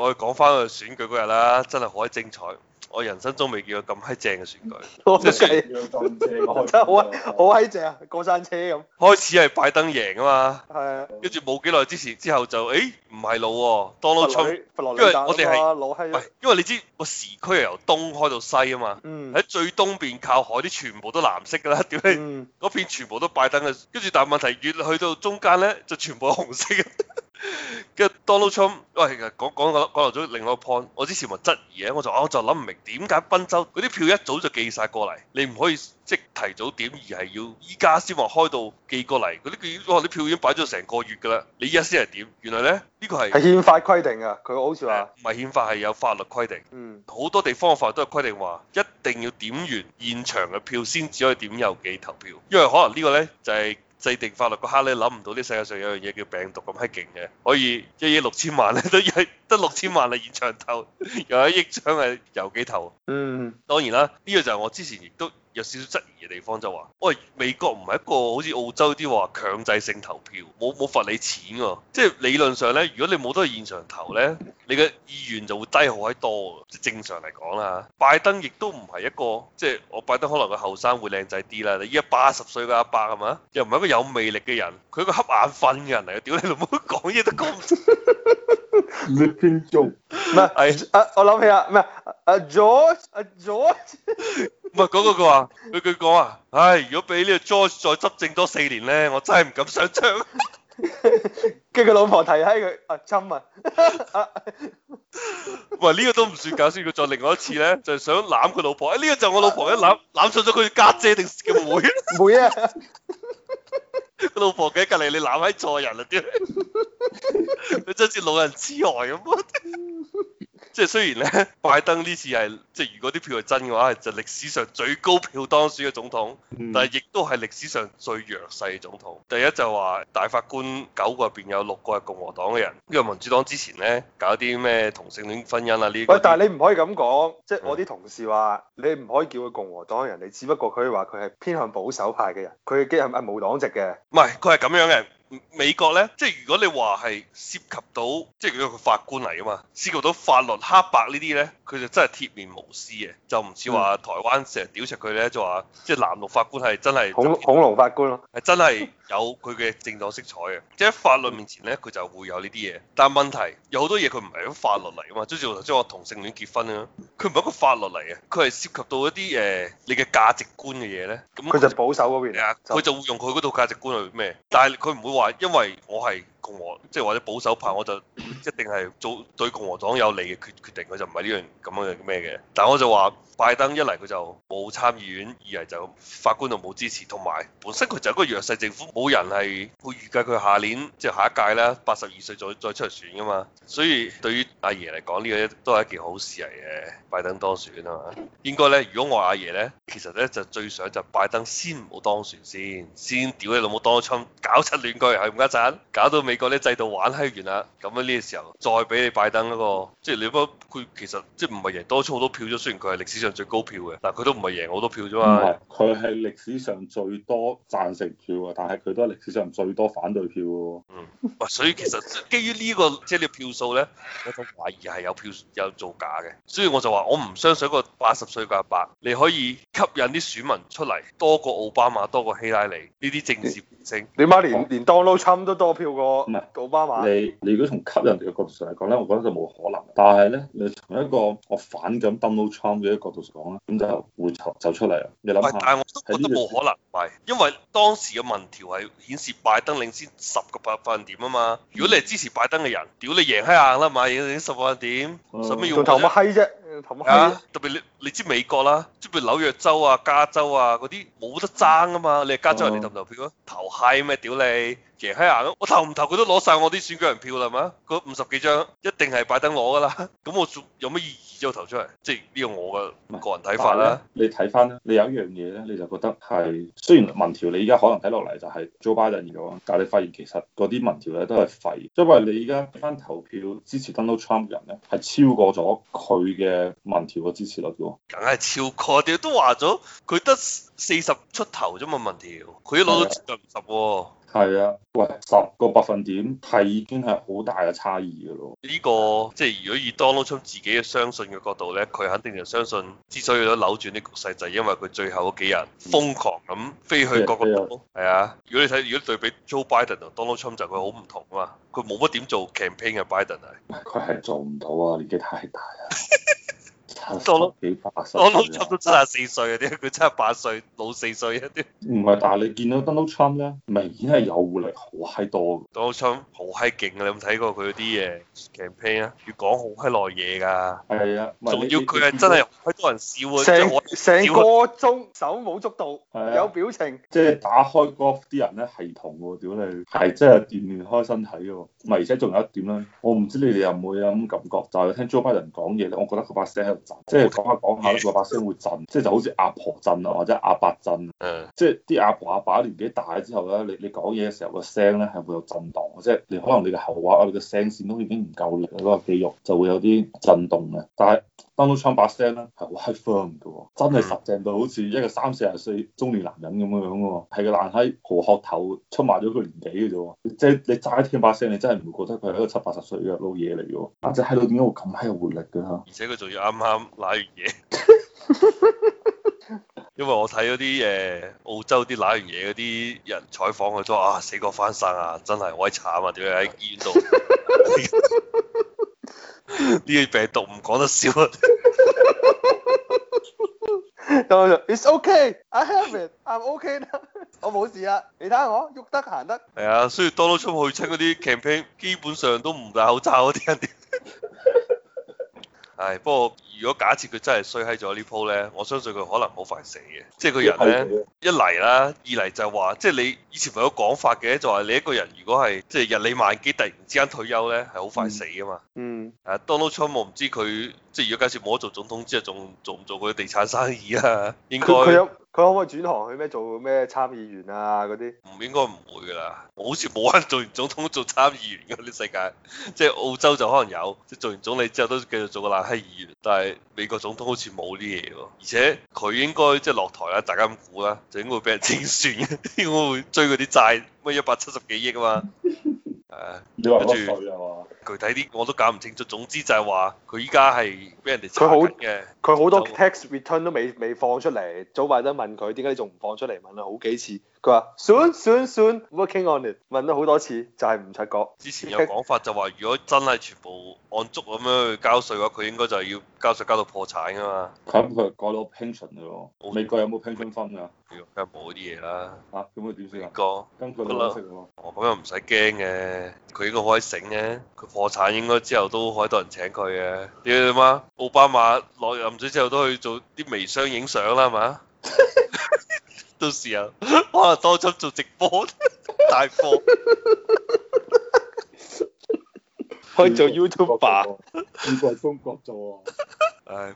我哋講翻個選舉嗰日啦，真係好閪精彩！我人生中未見過咁閪正嘅選舉，真係好閪好閪正啊，過山車咁。開始係拜登贏啊嘛，係啊，跟住冇幾耐之前之後就，誒唔係路，Donald Trump，因為我哋係，因為你知個時區係由東開到西啊嘛，喺最東邊靠海啲全部都藍色㗎啦，點解嗰片全部都拜登嘅？跟住但問題越去到中間咧，就全部紅色。跟住 Donald Trump，喂、哎，講講個講漏咗另外一個 point，我之前話質疑嘅。我就啊就諗唔明點解賓州嗰啲票一早就寄晒過嚟，你唔可以即提早點，而係要依家先話開到寄過嚟，嗰啲票啲票已經擺咗成個月㗎啦，你依家先係點？原來咧呢、呢個係係憲法規定㗎，佢好似話唔係憲法係有法律規定，嗯，好多地方嘅法律都係規定話一定要點完現場嘅票先至可以點郵寄投票，因為可能個呢個咧就係、是。制定法律嗰刻咧，你諗唔到呢世界上有樣嘢叫病毒咁閪勁嘅，可以一億六千萬。都一。得六千萬啦，現場投又一億張係有幾投？嗯，當然啦，呢、這個就係我之前亦都有少少質疑嘅地方，就話：喂、哎，美國唔係一個好似澳洲啲話強制性投票，冇冇罰你錢㗎？即係理論上呢，如果你冇得現場投呢，你嘅意願就會低好閪多。即係正常嚟講啦，拜登亦都唔係一個即係我拜登可能個後生會靚仔啲啦，你依家八十歲嘅阿伯係嘛？又唔係一個有魅力嘅人，佢一個瞌眼瞓嘅人嚟嘅。屌你老母，講嘢都講唔出。邊做？唔係，係 啊！我諗起啊，唔係啊，George，啊 George，唔係嗰個佢話，佢佢講啊，唉，如果俾呢個 George 再執政多四年咧，我真係唔敢想象。跟住佢老婆提起佢啊，侵啊 ，喂，呢個都唔算搞笑，佢再另外一次咧，就係、是、想攬佢老婆。呢、哎這個就我老婆一攬，攬、啊、上咗佢家姐定嘅妹，妹 啊。老婆企喺隔離，你攬錯咗人啦，屌！你真似老人痴呆咁。即係雖然咧，拜登呢次係即係如果啲票係真嘅話，係就係歷史上最高票當選嘅總統，嗯、但係亦都係歷史上最弱勢嘅總統。第一就話大法官九個入邊有六個係共和黨嘅人，因為民主黨之前咧搞啲咩同性戀婚姻啊呢啲。喂，但係你唔可以咁講，即係我啲同事話、嗯、你唔可以叫佢共和黨嘅人，你只不過佢話佢係偏向保守派嘅人，佢嘅基係咪冇黨籍嘅？唔係，佢係咁樣嘅。美國咧，即係如果你話係涉及到，即係如果個法官嚟啊嘛，涉及到法律黑白呢啲咧，佢就真係鐵面無私嘅，就唔似話台灣成日屌柒佢咧，就話即係藍綠法官係真係恐恐龍法官咯，係真係有佢嘅政黨色彩嘅， 即喺法律面前咧，佢就會有呢啲嘢。但係問題有好多嘢佢唔係喺法律嚟啊嘛，即係例如我同性戀結婚啊，佢唔係一個法律嚟嘅，佢係涉及到一啲誒、呃、你嘅價值觀嘅嘢咧，咁佢就，就保守嗰邊，佢就，就會用佢嗰套價值觀去咩？但係佢唔會話。話因為我係。共和即係或者保守派，我就一定係做對共和黨有利嘅決決定，佢就唔係呢樣咁樣嘅咩嘅。但係我就話，拜登一嚟佢就冇參議院，二嚟就法官就冇支持，同埋本身佢就一個弱勢政府，冇人係會預計佢下年即係下一屆咧，八十二歲再再出嚟選噶嘛。所以對於阿爺嚟講，呢個都係一件好事嚟嘅。拜登當選啊嘛，應該咧，如果我阿爺咧，其實咧就最想就拜登先唔好當選先，先屌你老母當咗春，搞七亂佢係唔得嘅，搞到美。個啲制度玩閪完啦，咁樣呢個時候再俾你拜登嗰、那個，即係你覺得佢其實即係唔係贏多出好多票啫？雖然佢係歷史上最高票嘅，嗱佢都唔係贏好多票啫嘛。佢係歷史上最多贊成票，啊，但係佢都係歷史上最多反對票嘅。嗯，所以其實基於呢、這個即係你票數咧，我有種懷疑係有票有造假嘅。所以我就話我唔相信一個八十歲嘅阿伯，2008，你可以吸引啲選民出嚟多過奧巴馬多過希拉里呢啲政治明星。你媽連、啊、連當勞侵都多票過。唔係，奧巴馬你你如果從吸引人嘅角度上嚟講咧，我覺得就冇可能。但係咧，你從一個我反感 Donald Trump 嘅角度上講咧，咁就會走出嚟。你諗下，但係我都覺得冇可能，係是因為當時嘅民調係顯示拜登領先十個百分點啊嘛。如果你係支持拜登嘅人，屌你贏閪硬啦嘛，已經十個百分點，使乜、嗯、用投乜閪啫？投、啊啊、特別你你知美國啦、啊，即係譬如紐約州啊、加州啊嗰啲冇得爭啊嘛。你係加州人，你投唔投票啊？投閪咩、啊？屌、啊、你！贏閪硬，我投唔投佢都攞晒我啲選舉人票啦嘛！嗰五十幾張一定係拜登攞噶啦，咁 我仲有乜意義就我投出嚟？即係呢個我嘅個人睇法啦、啊。你睇翻咧，你有一樣嘢咧，你就覺得係雖然民調你而家可能睇落嚟就係做拜登嘅喎，但係你發現其實嗰啲民調咧都係廢，因為你而家班投票支持 Donald Trump 嘅人咧係超過咗佢嘅民調嘅支持率嘅喎。梗係超過，我哋都話咗佢得四十出頭啫嘛，民調佢都攞到接近五十喎。係啊，喂，十個百分點係已經係好大嘅差異嘅咯。呢個即係如果以 Donald Trump 自己嘅相信嘅角度咧，佢肯定就相信之所以都扭轉呢局勢就係因為佢最後嗰幾日瘋狂咁飛去各個地方。係啊，如果你睇如果對比 Joe Biden 同 Donald Trump 就佢好唔同啊嘛，佢冇乜點做 campaign 嘅、啊、Biden 係。佢係做唔到啊，年紀太大啦。 多咗幾百都七十歲真四歲嗰啲，佢七八歲老四歲一啲。唔係，但係你見到 Donald Trump 咧，明顯係有活力好嗨多。Donald Trump 好嗨勁嘅，你有冇睇過佢啲嘢 campaign 啊？要講好嗨耐嘢㗎。係啊且，仲要佢係真係好多人笑，成成整個鐘手舞足蹈，啊、有表情。即係打開 golf 啲人咧係同喎，屌你。係，真係鍛鍊開身體喎。咪而且仲有一點咧，我唔知你哋有冇有咁感覺，就係、是、聽 Joe Biden 講嘢咧，我覺得佢把聲喺即係講下講下咧，個把聲會震，即係就好似阿婆震啊，或者阿伯震啊，即係啲阿婆阿伯年紀大之後咧，你你講嘢嘅時候個聲咧係會有震盪嘅，即係你可能你嘅喉啊，你嘅聲線都已經唔夠力嗰個肌肉就會有啲震動嘅，但係。生到唱把聲啦，係好 high firm 嘅，真係實淨到好似一個三四十歲中年男人咁樣嘅喎，係個爛閪河殼頭，出賣咗佢年紀嘅啫喎，即係你齋聽把聲，你真係唔會覺得佢係一個七八十歲嘅老嘢嚟嘅喎，但係喺度點解會咁閪有活力嘅？而且佢仲要啱啱攋完嘢，因為我睇嗰啲誒澳洲啲攋完嘢嗰啲人採訪佢都話啊死過翻生啊，真係好閪慘啊，點解喺醫院度？ 呢啲 病毒唔講得笑啊！就我話，It's okay, I have it, I'm okay 啦， 我冇事啊，你睇下我，喐得行得。係 啊，所以多多出去親嗰啲 campaign 基本上都唔戴口罩嗰啲人。係、 哎，不過如果假設佢真係衰喺咗呢鋪咧，我相信佢可能好快死嘅。即係個人咧，Okay. 一嚟啦，二嚟就係話，即係你以前咪有個講法嘅，就係你一個人如果係即係日理萬機，突然之間退休咧，係好快死噶嘛。嗯、mm。Hmm. 誒、啊，Donald Trump 我唔知佢，即係如果假設冇得做總統之後，仲做唔做佢地產生意啊？應該佢佢可唔可以轉行去咩做咩參議員啊？嗰啲唔應該唔會㗎啦，我好似冇人做完總統都做參議員㗎呢世界，即係澳洲就可能有，即係做完總理之後都繼續做個爛閪議員，但係美國總統好似冇啲嘢喎，而且佢應該即係落台啦，大家咁估啦，就應該會俾人清算， 應該會追嗰啲債，乜一百七十幾億啊嘛，係啊，你話具體啲我都搞唔清楚，總之就係話，佢依家係俾人哋查緊嘅，佢好多 tax return 都未未放出嚟，早排都問佢點解你仲唔放出嚟，問咗好幾次。佢話 soon soon soon，working on it，問咗好多次，就係唔使講。之前有講法就話，如果真係全部按足咁樣去交稅嘅話，佢應該就係要交稅交到破產噶嘛。咁佢改咗 pension 咯。美國有冇 pension fund 啊？屌梗係冇啲嘢啦。嚇咁佢點算啊？根據得啦，食喎？哦咁又唔使驚嘅，佢應該可以醒嘅。佢破產應該之後都可以多人請佢嘅。屌你媽！奧巴馬落任水之後都去做啲微商影相啦，係嘛？ 到時候可能多咗做直播帶貨，可以做 YouTuber，喺中國做啊。係。